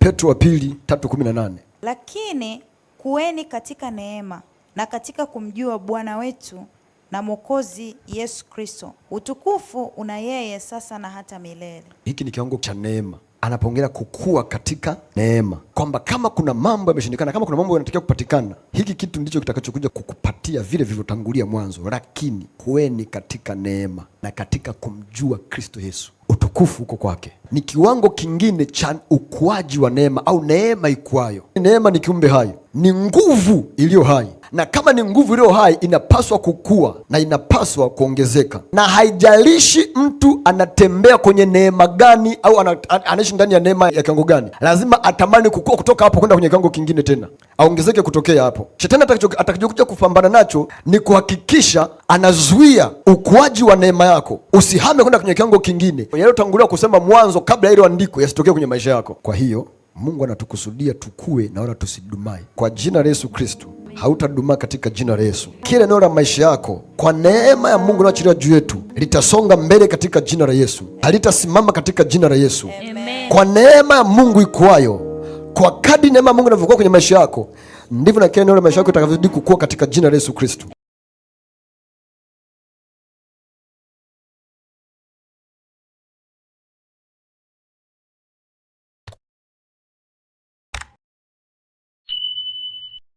Petro wa pili 3:18. Lakini kuweni katika neema na katika kumjua Bwana wetu na Mwokozi Yesu Kristo. Utukufu una yeye sasa na hata milele. Hiki ni kiwango cha neema anapoongelea kukua katika neema, kwamba kama kuna mambo yameshindikana, kama kuna mambo yanatakiwa kupatikana, hiki kitu ndicho kitakachokuja kukupatia vile vilivyotangulia mwanzo. Lakini kuweni katika neema na katika kumjua Kristo Yesu utukufu uko kwake. Ni kiwango kingine cha ukuaji wa neema au neema ikuayo. Neema ni kiumbe hayo ni nguvu iliyo hai, na kama ni nguvu iliyo hai inapaswa kukua na inapaswa kuongezeka, na haijalishi mtu anatembea kwenye neema gani au anaishi ndani ya neema ya kiwango gani, lazima atamani kukua kutoka hapo kwenda kwenye kiwango kingine, tena aongezeke kutokea hapo. Shetani atakachokuja kupambana nacho ni kuhakikisha anazuia ukuaji wa neema yako, usihame kwenda kwenye kiwango kingine, yaliyotanguliwa kusema mwanzo, kabla ya ile andiko yasitokee kwenye maisha yako. Kwa hiyo Mungu anatukusudia tukue na wala tusidumai, kwa jina la Yesu Kristo. Hautadumaa katika jina la Yesu. Kila eneo la maisha yako kwa neema ya Mungu inayoachilia juu yetu litasonga mbele katika jina la Yesu, halitasimama katika jina la Yesu. Amen. Kwa neema ya Mungu ikuayo, kwa kadi neema ya Mungu inavyokuwa kwenye maisha yako, ndivyo na kila eneo la maisha yako itakavyozidi kukua katika jina la Yesu Kristo.